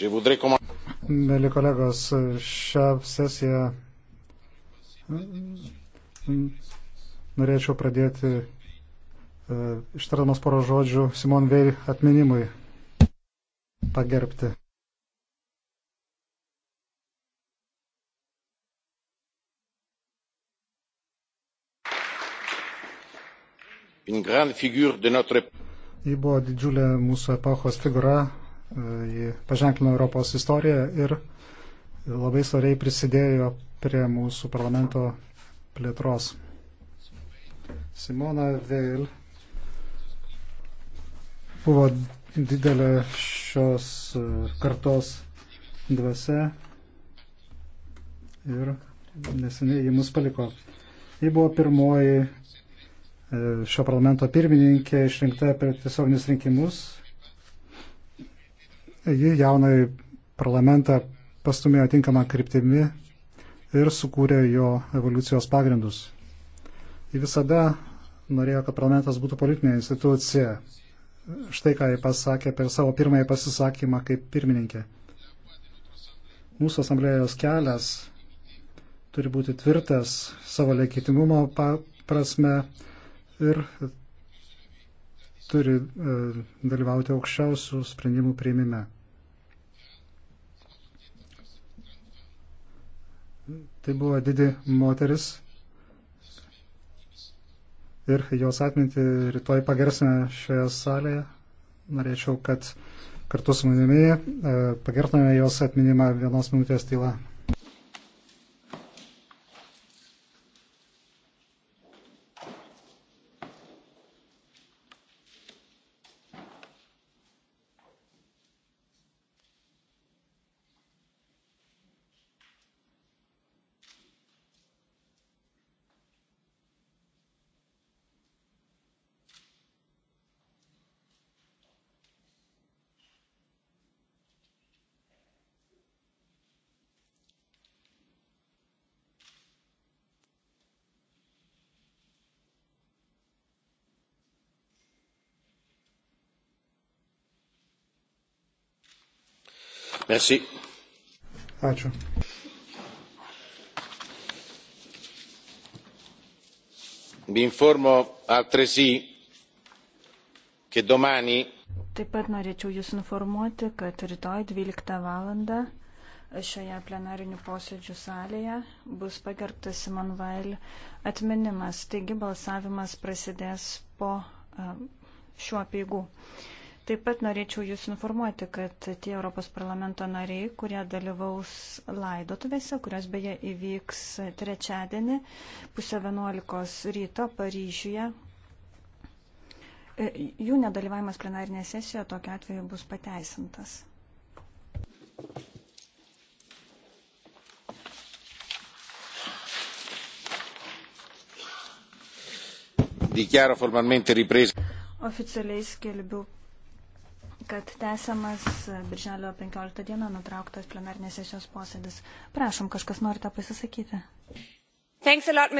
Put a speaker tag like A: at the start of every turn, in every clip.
A: Mėly kolegos, šią sesiją mm, norėčiau pradėti e, ištardamas poro žodžių Simon Veil atminimui pagerbti. Ji buvo didžiulė mūsų epochos figūra, Ji paženklino Europos istoriją ir labai svariai prisidėjo prie mūsų parlamento plėtros. Simona Veil buvo didelė šios kartos dvasia ir neseniai jį mus paliko. Ji buvo pirmoji e, šio parlamento pirmininkė išrinkta per tiesioginius rinkimus Ji jaunai parlamentą pastumėjo tinkamą kryptimi ir sukūrė jo evoliucijos pagrindus. Ji visada norėjo, kad parlamentas būtų politinė institucija. Štai ką ji pasakė per savo pirmąjį pasisakymą kaip pirmininkė. Mūsų asamblėjos kelias turi būti tvirtas savo legitimumo prasme ir turi e, dalyvauti aukščiausių sprendimų prieimime. Tai buvo didi moteris ir jos atminti rytoj pagersime šioje salėje. Norėčiau, kad kartu su manimi e, pagertume jos atminimą vienos minutės tyla. Merci. Ačiū. Vi informo altresì che domani.
B: Taip pat norėčiau Jūs informuoti, kad rytoj 12 val. šioje plenarinių posėdžių salėje bus pagerbtas Simon Weil atminimas, taigi balsavimas prasidės po šiuo peigų. Taip pat norėčiau Jūs informuoti, kad tie Europos parlamento nariai, kurie dalyvaus laidotuvėse, kurios beje įvyks trečiadienį pusę 11 ryto Paryžiuje, jų nedalyvavimas plenarinėje sesijoje tokiu atveju bus pateisintas.
A: Dichiaro formalmente ripresa.
B: Oficialiai skelbiu kad tęsiamas Birželio 15 dieną nutrauktas plenarnės sesijos posėdis. Prašom, kažkas norite pasisakyti. Lot,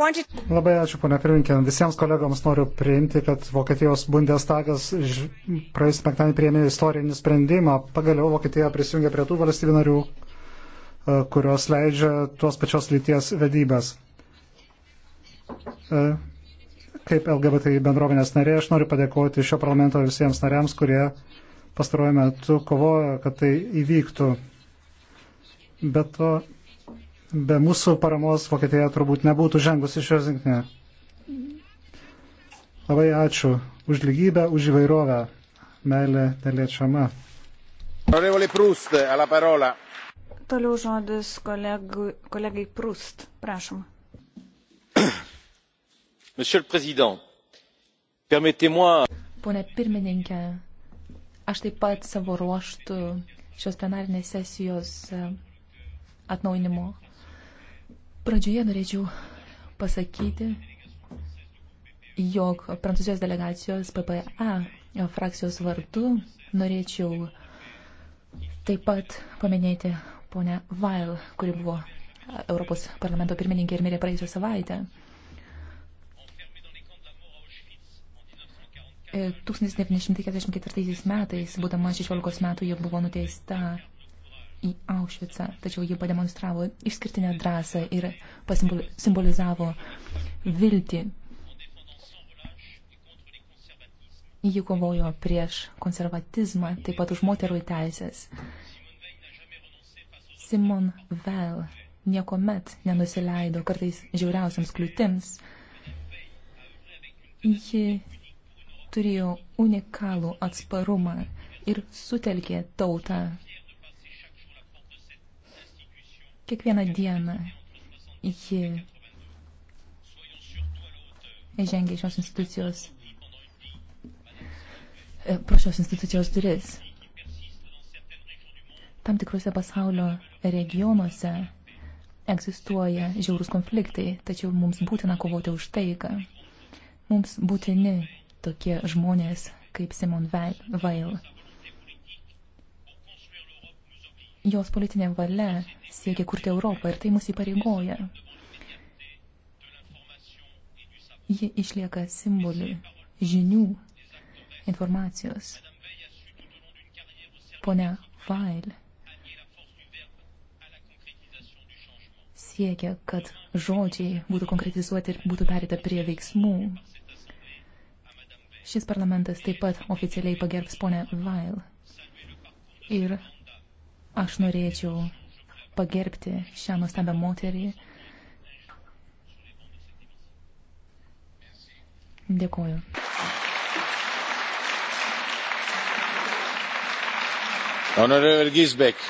B: wanted...
A: Labai ačiū, ponia pirminkė. Visiems kolegoms noriu priimti, kad Vokietijos Bundestagas praėjusį penktadienį priėmė istorinį sprendimą. Pagaliau Vokietija prisijungė prie tų valstybių narių, e, kurios leidžia tuos pačios lyties vedybės. E, Kaip LGBT bendruomenės narė, aš noriu padėkoti šio parlamento visiems nariams, kurie pastarojame metu kovojo, kad tai įvyktų. Bet to, be mūsų paramos Vokietija turbūt nebūtų žengusi šio žingsnio. Labai ačiū už lygybę, už įvairovę. Meilė neliečiama.
B: Toliau žodis kolegui, kolegai Prust.
C: Prašom. Pone pirmininkė, aš taip pat savo ruoštų šios plenarinės sesijos e, atnaujinimo pradžioje norėčiau pasakyti, jog Prancūzijos delegacijos PPA e frakcijos vardu norėčiau taip pat paminėti ponę Vail, kuri buvo Europos parlamento pirmininkė ir mirė praėjusią savaitę. 1944 e, metais, būdama 16 metų, ji buvo nuteista į Aušvicą, tačiau ji pademonstravo išskirtinę drąsą ir simbolizavo viltį. Ji kovojo prieš konservatizmą, taip pat už moterų teisės. Simon Vell niekuomet nenusileido kartais žiauriausiams kliūtims. Ji turėjo unikalų atsparumą ir sutelkė tautą. Kiekvieną dieną ji žengė šios institucijos e, pro šios institucijos duris. Tam tikrose pasaulio regionuose egzistuoja žiaurus konfliktai, tačiau mums būtina kovoti už taiką. Mums būtini tokie žmonės kaip Simon Weil. Jos politinė valia siekia kurti Europą ir tai mus įpareigoja. Ji išlieka simboliu žinių, informacijos. Pone Weil siekia, kad žodžiai būtų konkretizuoti ir būtų perėta prie veiksmų. Šis parlamentas taip pat oficialiai pagerbs ponę Vail. Ir aš norėčiau pagerbti šią nuostabią moterį. Dėkoju.
A: Honorable Gisbeck.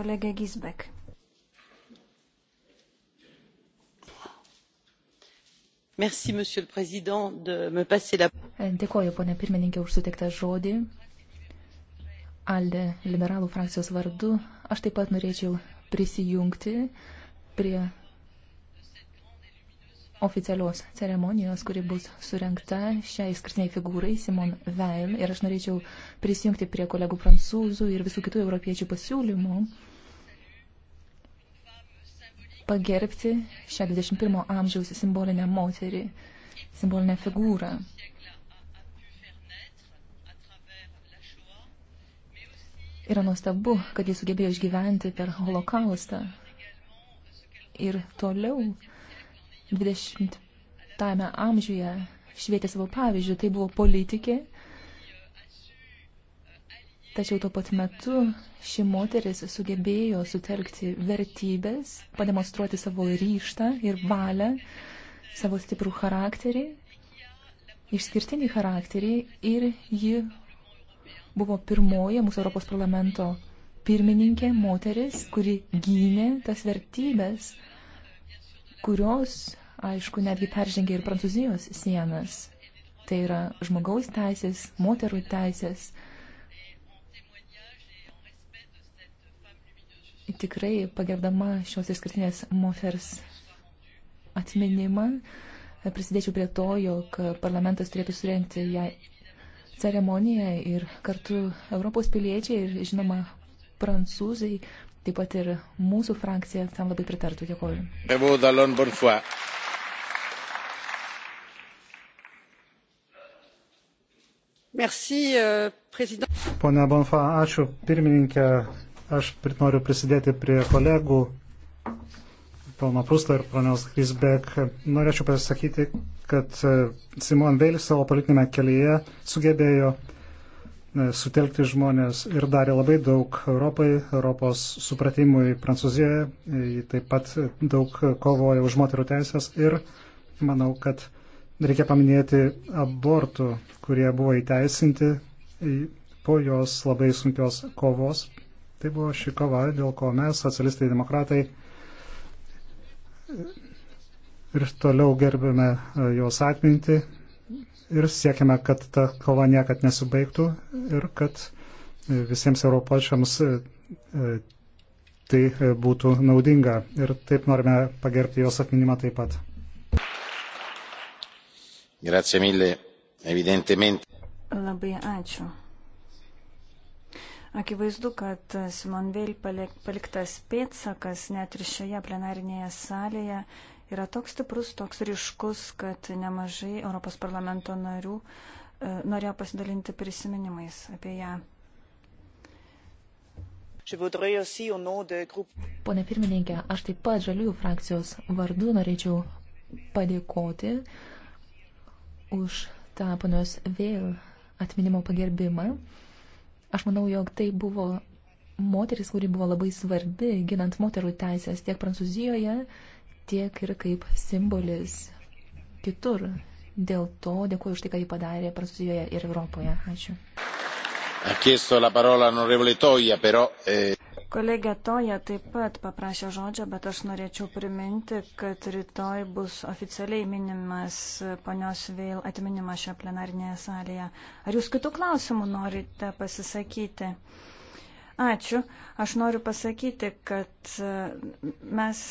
B: Kolegė
C: Gisbeck.
A: Merci, monsieur le président, de me passer la.
C: Dėkoju, ponė pirmininkė, už suteiktą žodį. Alde liberalų frakcijos vardu aš taip pat norėčiau prisijungti prie oficialios ceremonijos, kuri bus surenkta šiai skirtiniai figūrai Simon Veil. Ir aš norėčiau prisijungti prie kolegų prancūzų ir visų kitų europiečių pasiūlymų pagerbti šią 21 amžiaus simbolinę moterį, simbolinę figūrą. Yra nuostabu, kad jis sugebėjo išgyventi per holokaustą. Ir toliau 20-ame amžiuje švietė savo pavyzdžių. Tai buvo politikė, Tačiau tuo pat metu ši moteris sugebėjo sutelkti vertybės, pademonstruoti savo ryštą ir valią, savo stiprų charakterį, išskirtinį charakterį ir ji buvo pirmoji mūsų Europos parlamento pirmininkė moteris, kuri gynė tas vertybės, kurios, aišku, netgi peržengė ir Prancūzijos sienas. Tai yra žmogaus teisės, moterų teisės tikrai pagerbdama šios išskirtinės moters atminimą, prisidėčiau prie to, jog parlamentas turėtų surenkti ją ceremoniją ir kartu Europos piliečiai ir, žinoma, prancūzai, taip pat ir mūsų frakcija tam labai pritartų. Dėkoju. Merci,
B: euh,
A: Pone Bonfa, ačiū pirmininkė. Aš noriu prisidėti prie kolegų Tomo Prusto ir Pranios Grisbek. Norėčiau pasakyti, kad e, Simon Veilis savo politinėme kelyje sugebėjo e, sutelkti žmonės ir darė labai daug Europai, Europos supratimui Prancūzijoje. Ji taip pat daug kovoja už moterų teisės ir manau, kad reikia paminėti abortų, kurie buvo įteisinti po jos labai sunkios kovos Tai buvo ši kova, dėl ko mes, socialistai demokratai, ir toliau gerbėme e, jos atmintį ir siekime, kad ta kova niekad nesubaigtų ir kad e, visiems europiečiams e, tai būtų naudinga. Ir taip norime pagerbti jos atminimą taip pat. Grazie mille, evidentemente.
B: Labai ačiū. Akivaizdu, kad Simon Veil paliktas pėtsakas net ir šioje plenarinėje salėje yra toks stiprus, toks ryškus, kad nemažai Europos parlamento narių e, norėjo pasidalinti
C: prisiminimais apie ją. Pone pirmininkė, aš taip pat žaliųjų frakcijos vardu norėčiau padėkoti už tą ponios vėl atminimo pagerbimą. Aš manau, jog tai buvo moteris, kuri buvo labai svarbi ginant moterų teisės tiek Prancūzijoje, tiek ir kaip simbolis kitur. Dėl to dėkuoju už tai, ką jį padarė Prancūzijoje ir Europoje. Ačiū.
A: Ha chiesto la parola onorevole Toia, però. Eh...
C: Kolegė Toja
B: taip pat paprašė žodžio, bet aš norėčiau priminti, kad rytoj bus oficialiai minimas ponios vėl atminimas šią plenarinėje salėje. Ar jūs kitų klausimų norite pasisakyti? Ačiū. Aš noriu pasakyti, kad mes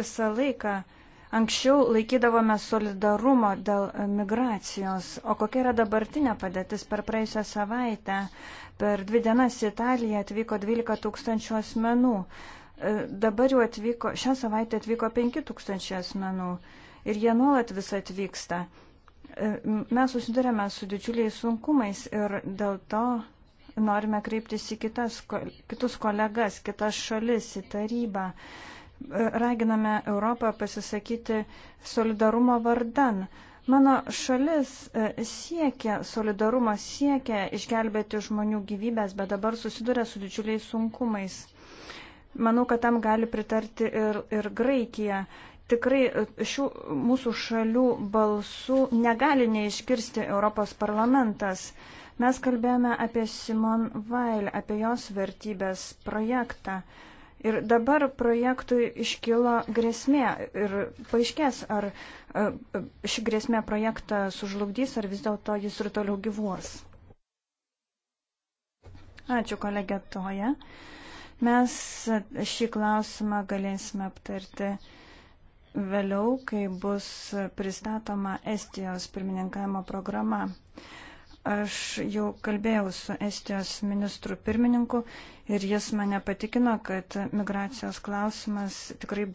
B: visą laiką Anksčiau laikydavome solidarumo dėl migracijos, o kokia yra dabartinė padėtis per praėjusią savaitę? Per dvi dienas į Italiją atvyko 12 tūkstančių asmenų. E, dabar jau atvyko, šią savaitę atvyko 5 tūkstančių asmenų ir jie nuolat vis atvyksta. E, mes susidurėme su didžiuliais sunkumais ir dėl to norime kreiptis į kitas, kitus kolegas, kitas šalis, į tarybą raginame Europą pasisakyti solidarumo vardan. Mano šalis e, siekia solidarumo, siekia išgelbėti žmonių gyvybės, bet dabar susiduria su didžiuliais sunkumais. Manau, kad tam gali pritarti ir, ir Graikija. Tikrai e, šių mūsų šalių balsų negali neiškirsti Europos parlamentas. Mes kalbėjome apie Simon Weil, apie jos vertybės projektą. Uh, Ir dabar projektui iškilo grėsmė ir paaiškės, ar e, ši grėsmė projektą sužlugdys, ar vis dėlto jis ir toliau gyvuos. Ačiū kolegė Toja. Mes šį klausimą galėsime aptarti vėliau, kai bus pristatoma Estijos pirmininkavimo programa. Aš jau kalbėjau su Estijos ministru pirmininku ir jis mane patikino, kad migracijos klausimas tikrai